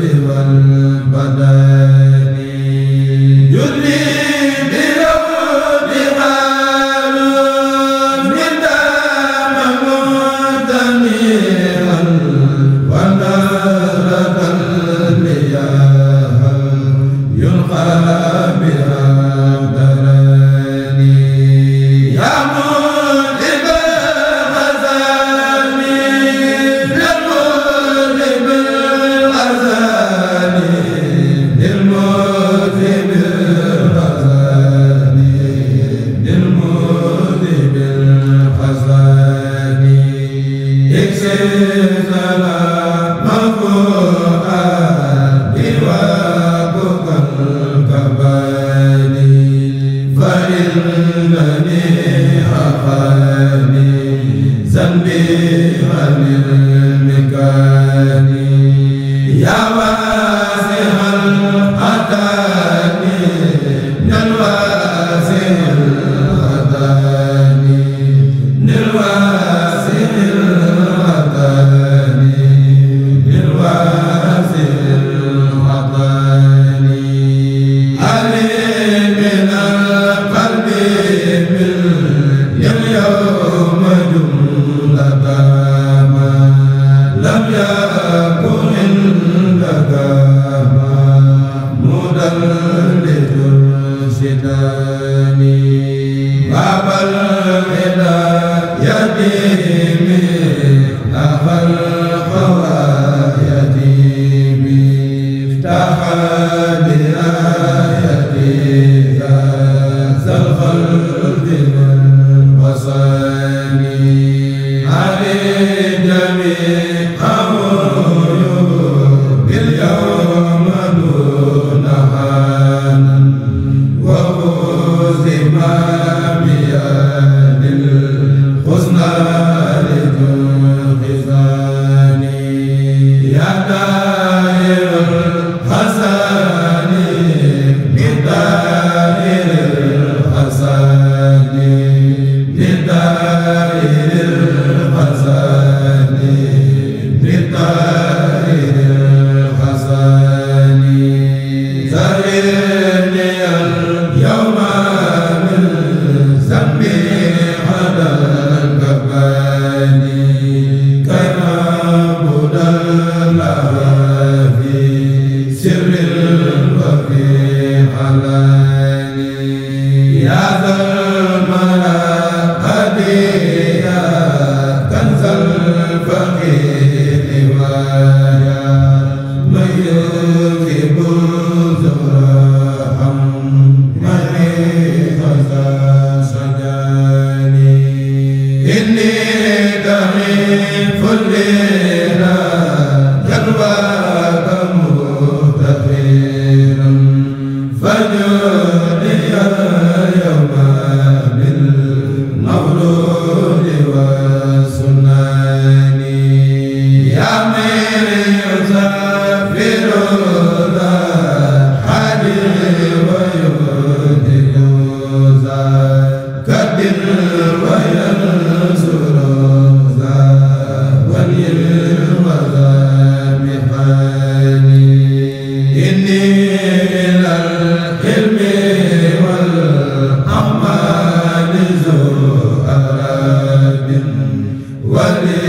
والبدن yaa Muhammad wali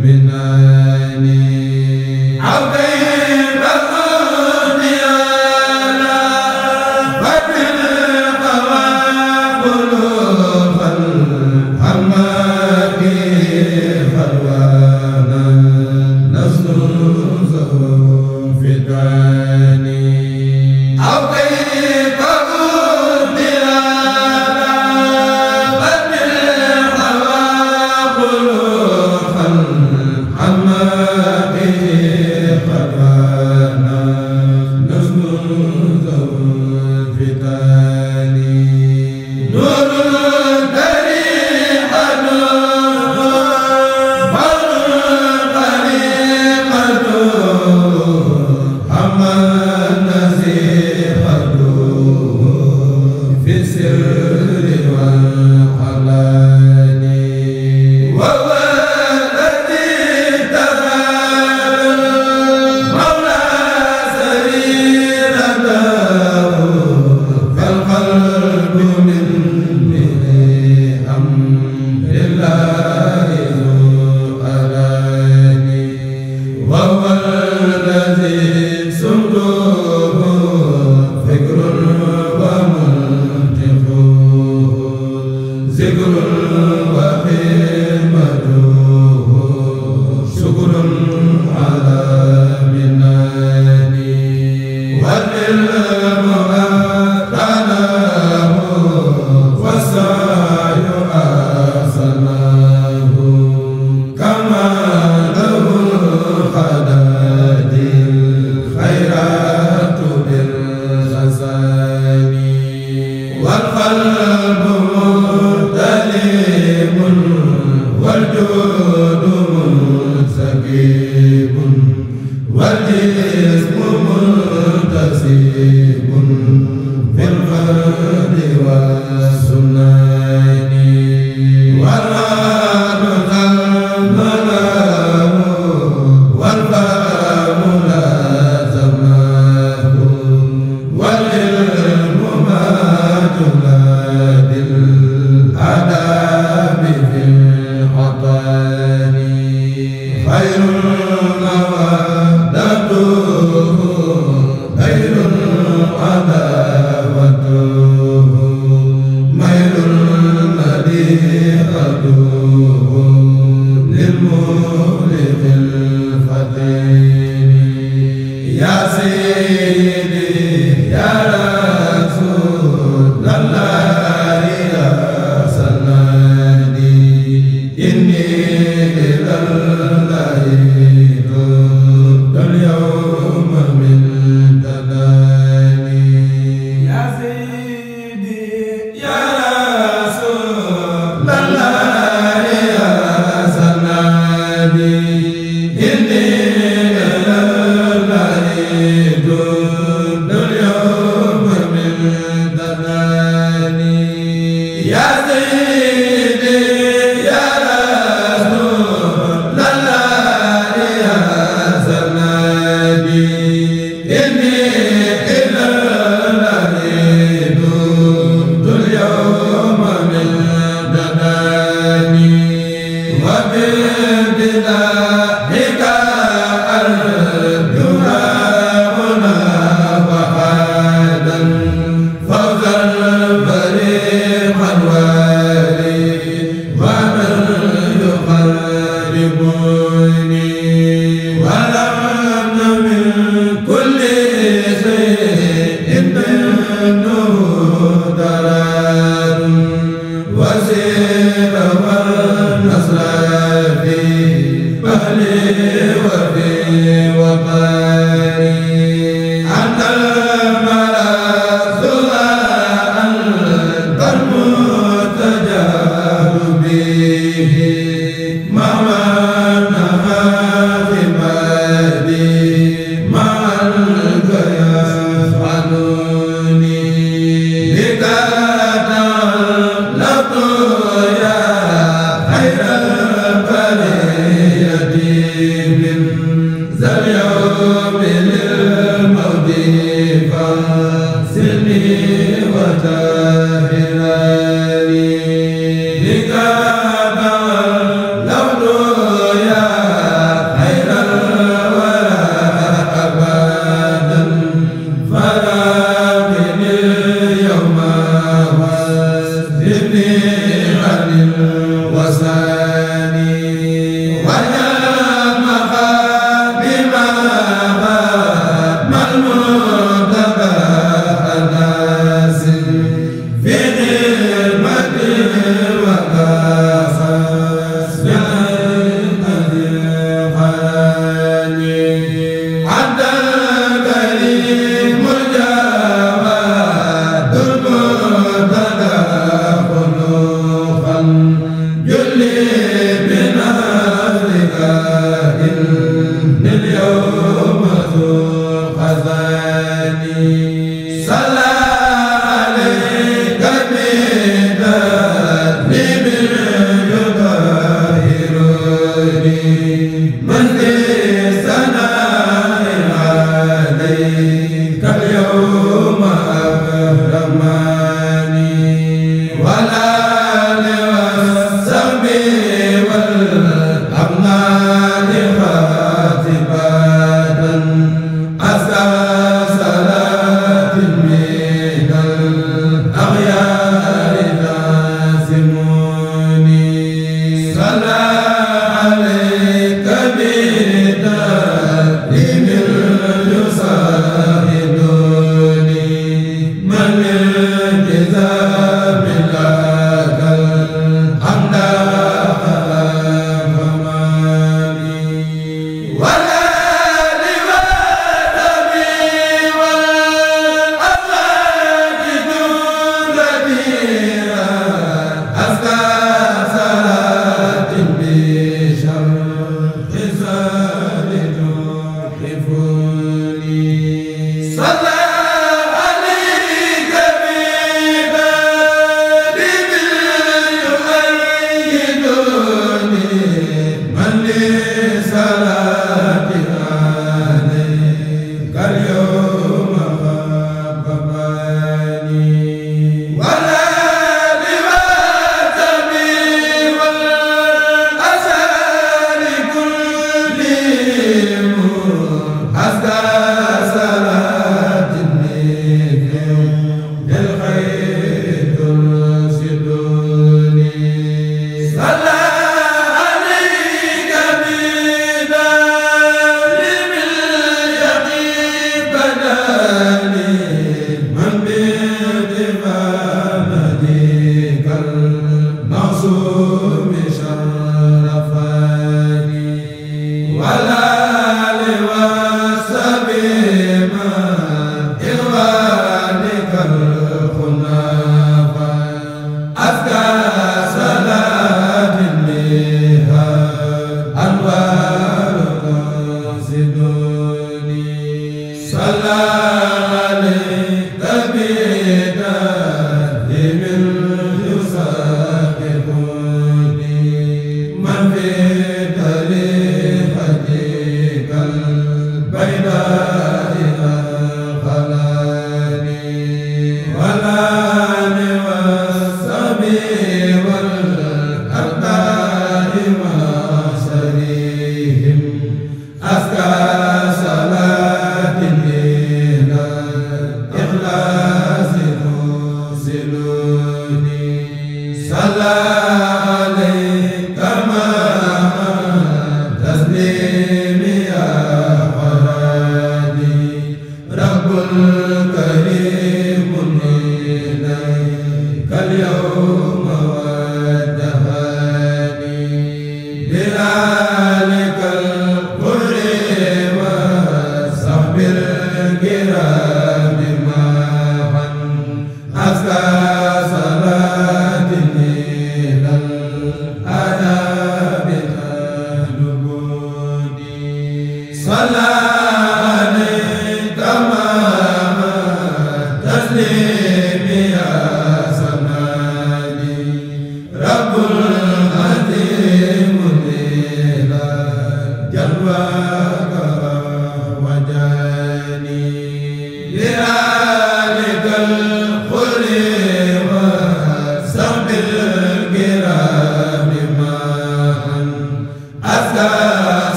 من والجسم منتسب في الفرد والسنة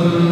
Rasul